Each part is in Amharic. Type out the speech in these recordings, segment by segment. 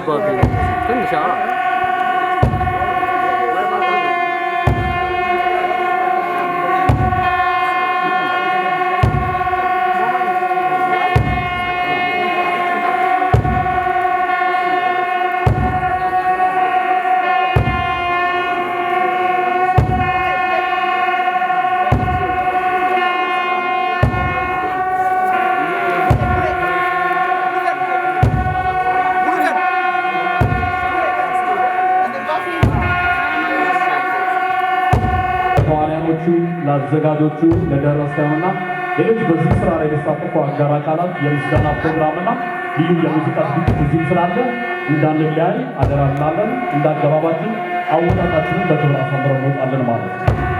真的了。አዘጋጆቹ ለደረሰውና ሌሎች በዚህ ስራ ላይ የተሳተፉ አጋር አካላት የምስጋና ፕሮግራምና ልዩ የሙዚቃ ዝግጅት እዚህም ስላለ እንዳንለያይ አደራ እንላለን። እንደ አገባባችን አወጣጣችንን በክብር አሳምረን እንወጣለን ማለት ነው።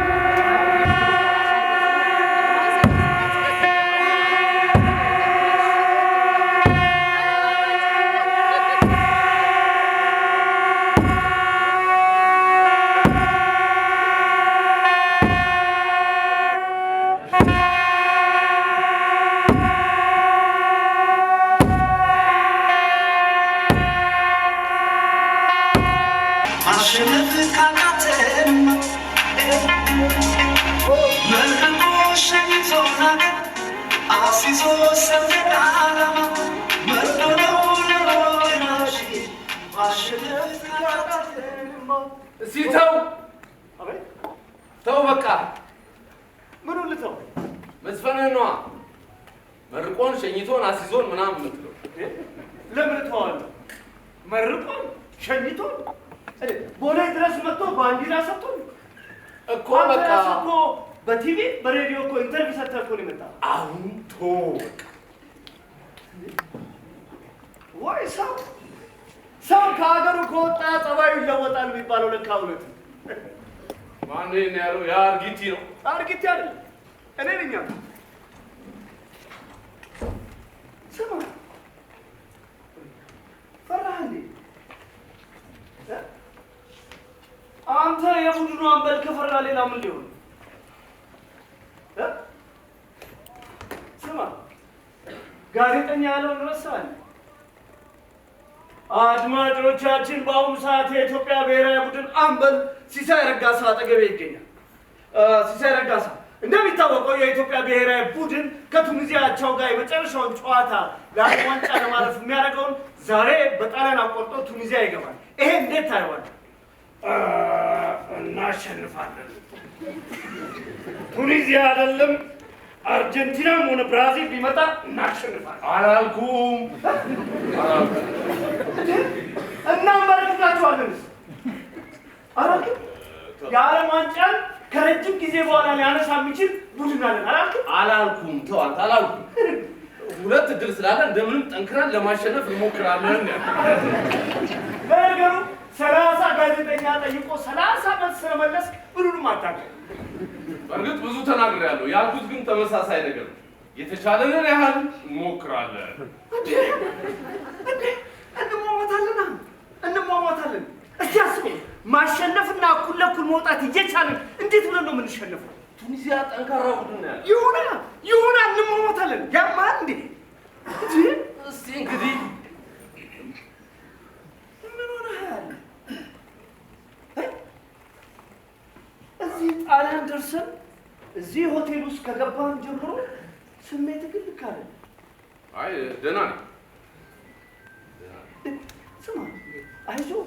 እስኪ ተው በቃ ምኑን ልተው? መዝፈንህ መርቆን ሸኝቶን አስይዞን ምናምን የምትለው ለምን እተዋለሁ? መርቆን ሸኝቶን ቦሌ ድረስ መጥቶ ባንዲራ ሰጥቶን እኮ በቃ በቲቪ በሬዲዮ እኮ ኢንተርቪው ሰጥተህ እኮ ነው የመጣው። አሁን ቶ ወይ ሰው ሰው ከሀገሩ ከወጣ ጸባዩ ይለወጣል የሚባለው ለካ እውነት ነው። ማንን ያለው? ያ አርጊቲ ነው። አርጊቲ አይደለም እኔ ነኝ ያልኩት። ስማ ፈራህ አንተ? የቡድኑ አንበል ከፈራ ሌላ ምን ሊሆን ስማ፣ ጋዜጠኛ ያለውን ረሳል። አድማጮቻችን፣ በአሁኑ ሰዓት የኢትዮጵያ ብሔራዊ ቡድን አምበል ሲሳይ ረጋሳ አጠገቤ ይገኛል። ሲሳይ ረጋሳ እንደሚታወቀው የኢትዮጵያ ብሔራዊ ቡድን ከቱኒዚያ አቻው ጋር የመጨረሻውን ጨዋታ ለዓለም ዋንጫ ለማለፍ የሚያደርገውን ዛሬ በጣሊያን አቆርጦ ቱኒዚያ ይገባል። ይሄ እንዴት ታይዋል? እናሸንፋለን። ቱኒዚያ አይደለም አርጀንቲናም ሆነ ብራዚል ቢመጣ እናሸንፋለን። አላልኩም እናመረክታችኋለን። አላልኩም የዓለም ዋንጫን ከረጅም ጊዜ በኋላ ሊያነሳ የሚችል ቡድን አለን። አላልኩም አላልኩም ተዋት አላልኩም። ሁለት እድል ስላለ እንደምንም ጠንክረን ለማሸነፍ እንሞክራለን። ሰላሳ ጋዜጠኛ ጠይቆ ሰላሳ መልስ ስለመለስ ምኑንም አታውቅም። በእርግጥ ብዙ ተናግሬያለሁ። ያልኩት ግን ተመሳሳይ ነገር ነው። የተቻለንን ያህል እንሞክራለን። እንሟሟታለና እንሟሟታለን። እስቲ አስቡ፣ ማሸነፍና እኩል ለኩል መውጣት እየቻለን እንዴት ብለን ነው የምንሸነፈው? ቱኒዚያ ጠንካራ ቡድን ያለ ይሁና ይሁና፣ እንሟሟታለን። ያማል እንዴ እስቲ እንግዲህ ከገባህም ጀምሮ ስሜት ግን ልክ አይደለም። አይ ደህና ነኝ። ስማ አይዞህ፣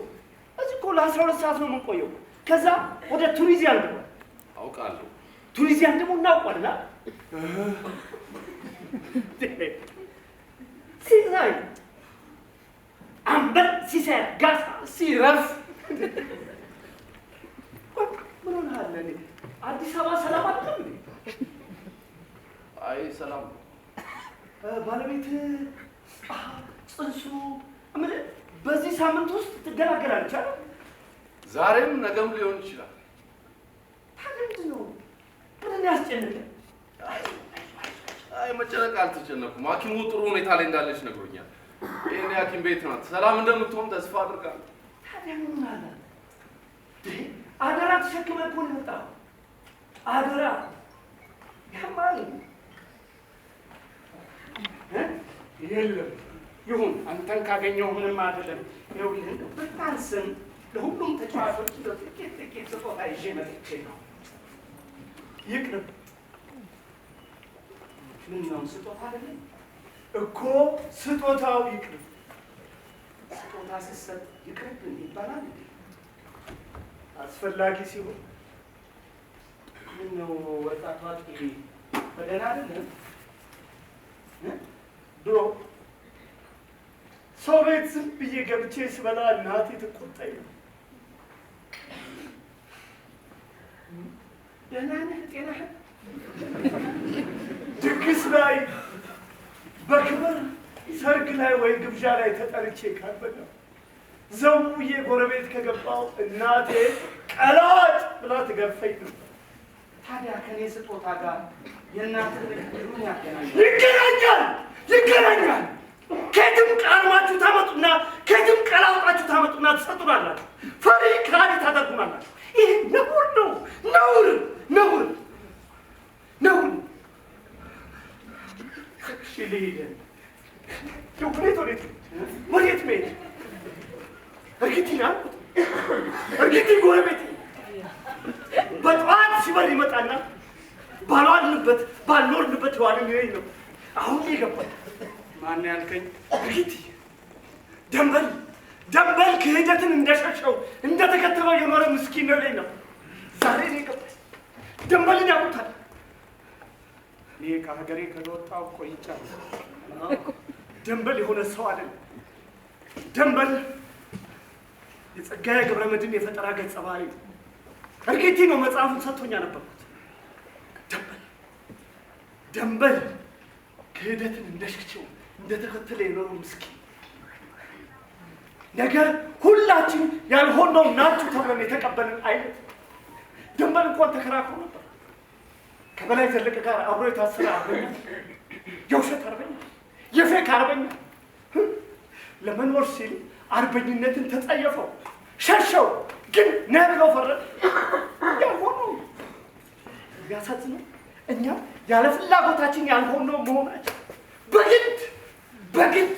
እዚህ እኮ ለአስራ ሁለት ሰዓት ነው የምንቆየው። ከዛ ወደ ቱኒዚያ እንገባለን። አውቃለሁ። ቱኒዚያን ደግሞ እናውቋልና ሲዛይ አንበል ሲሰር ጋሳ ሲረፍ ምን ሆነሃል? አዲስ አበባ ሰላም አለ አይ ሰላም ባለቤት ጽንሱ ምን በዚህ ሳምንት ውስጥ ትገላገላለች አለ። ዛሬም ነገም ሊሆን ይችላል። ታገንድ ነው አይ መጨነቅ አልተጨነኩም። ሐኪሙ ጥሩ ሁኔታ ላይ እንዳለች ነግሮኛል። ይህን ሐኪም ቤት ናት። ሰላም እንደምትሆን ተስፋ አድርጋለሁ። ታዲያ ምን አለ አደራ ተሸክመ እኮ ነው የመጣኸው። አደራ ያማል የለም ይሁን አንተን ካገኘው ምንም አይደለም። ይኸው ይህን ስም ለሁሉም ተጫዋቾች ጥቂት ጥቂት ስጦታ ይዤ መጥቼ ነው። ይቅርብ ምነው ስጦታ አይደለም እኮ ስጦታው ይቅርብ። ስጦታ ስሰጥ ይቅርብ ይባላል አስፈላጊ ሲሆን ምነው ወጣቷ ወጣቷቂ በደህና አይደለም ቤት ዝም ብዬ ገብቼ ስበላ እናቴ ትቆጣኝ ነው። ደህና ነህ? ጤናህ? ድግስ ላይ በክብር ሰርግ ላይ ወይ ግብዣ ላይ ተጠርቼ ካልበላ ዘውዬ ጎረቤት ከገባው እናቴ ቀላጭ ብላ ትገፈኝ ነበር። ታዲያ ከኔ ስጦታ ጋር የእናትህ ንግግሩን ያገናኛል፣ ይገናኛል፣ ይገናኛል ከግ አርማችሁ ታመጡና ከጅም ቀላውጣችሁ ታመጡና ትሰጡናላችሁ። ፈሪ ከሃዲ ታደርጉናላችሁ። ይህ ነውር ነው። ነውር ነውር ነውር ሁኔት ወዴት ወዴት መሄድ እርግቲና እርግቲ ጎረቤት በጠዋት ሲበር ይመጣና ባልዋልንበት ባልኖርንበት ዋልን ነው አሁን የገባኝ ማነው ያልከኝ? እርግጥ ደንበል ደንበል ክህደትን እንደሸሸው እንደተከተለው የኖረ ምስኪን ነው ነው ዛሬ ነው የገባኝ። ደንበልን ያውቁታል። እኔ ከሀገሬ ከወጣሁ ቆይቻለሁ። ደንበል የሆነ ሰው አይደለም። ደንበል የጸጋዬ ገብረመድኅን የፈጠራ ገጸ ባህሪ ነው። እርግጥ ነው መጽሐፉን ሰጥቶኝ ነበርኩት። ደንበል ደንበል ክህደትን እንደሸሸው እንደተከተለ የኖሩ ምስኪን ነገር ሁላችን ያልሆነው ናችሁ ተብለን የተቀበልን አይነት ድንበር እንኳን ተከራክሮ ነበር። ከበላይ ዘለቀ ጋር አብሮ የታሰረ አርበኛ፣ የውሸት አርበኛ፣ የፌክ አርበኛ ለመኖር ሲል አርበኝነትን ተጸየፈው፣ ሸሸው። ግን ነህ ብለው ፈረደ። ያልሆነው ያሳዝነው እኛም ያለ ፍላጎታችን ያልሆነው መሆናችን በግድ በግድ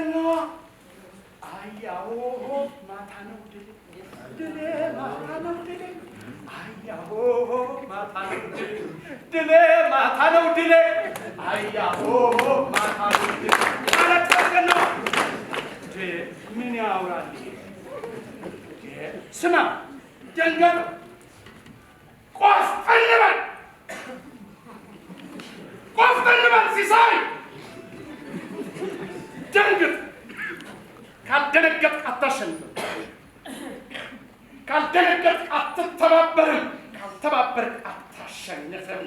እና አያሆ ማታ ነው ድል ድል ማታ ነው ድል አያሆ ማታ ነው ድል ድል ማታ ነው ድል አያሆ ማታ ነው ድል ማለት ዋቅትና ምን ያውራል? ስማ ደንገር ቆፍ እንበል ቆፍጠን በል ሲሳይ ደንግጥ። ካልደነገጥ አታሸንፍም። ካልደነገጥክ አትተባበርም። ካልተባበርክ አታሸንፍም።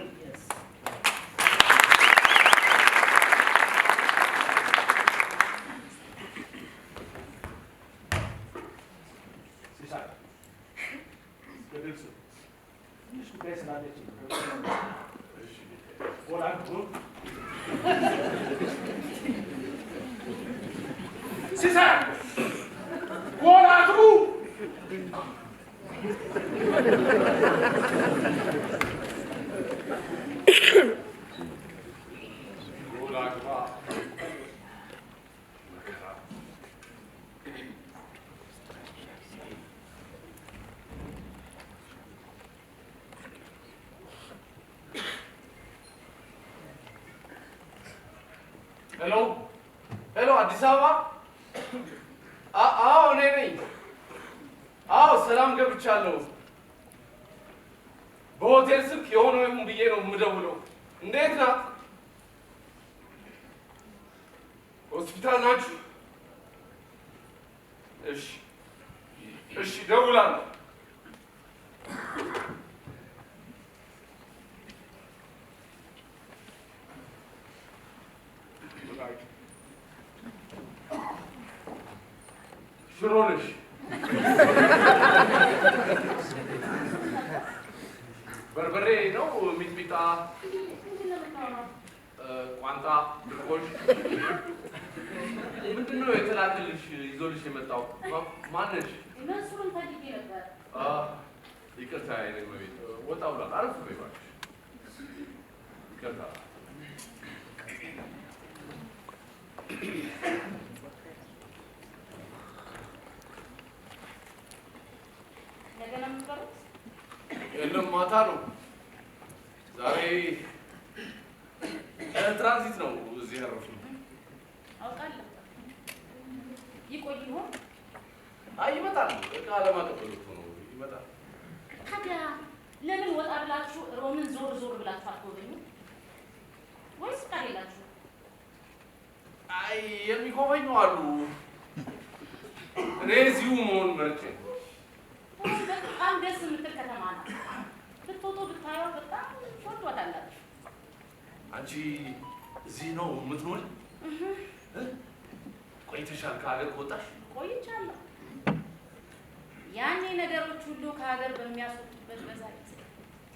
si sa voilà tu Hello? Hello, Addis Ababa? እኔ ነኝ። አዎ ሰላም ገብቻለሁ። በሆቴል ስልክ የሆነ ወይም ብዬ ነው የምደውለው። እንዴት ናት? ሆስፒታል ናችሁ? እሺ፣ እሺ፣ ደውላለሁ ሽሮ ነሽ። በርበሬ ነው ሚጥሚጣ፣ ቋንጣ፣ ድርቆሽ ምንድነው የተላከልሽ? ይዞልሽ የመጣው ማነሽ? ይቅርታ አይነት መቤት ወጣ ብሏል። አረፍ ይባሽ ይቅርታ እንደገና የለም፣ ማታ ነው። ዛሬ ትራንዚት ነው እዚህ ያረፍነው። አውቃለሁ። ይቆይ ይሆን? አይ ይመጣል። እቃ ለማቀበል እኮ ነው ይመጣል። ታዲያ ለምን ወጣ ብላችሁ ሮምን ዞር ዞር ብላችሁ አትጎበኙ ወይስ አይ የሚጎበኙ አሉ። እኔ እዚሁ መሆን መርጬ ናት። ብትወጡ ብታየው በጣም ትወዷታላችሁ። አንቺ እዚህ ነው የምትኖሪ? ቆይተሻል ከሀገር ከወጣሽ? ቆይቻለሁ። ያኔ ነገሮች ሁሉ ከሀገር በሚያስወጡበት በዛ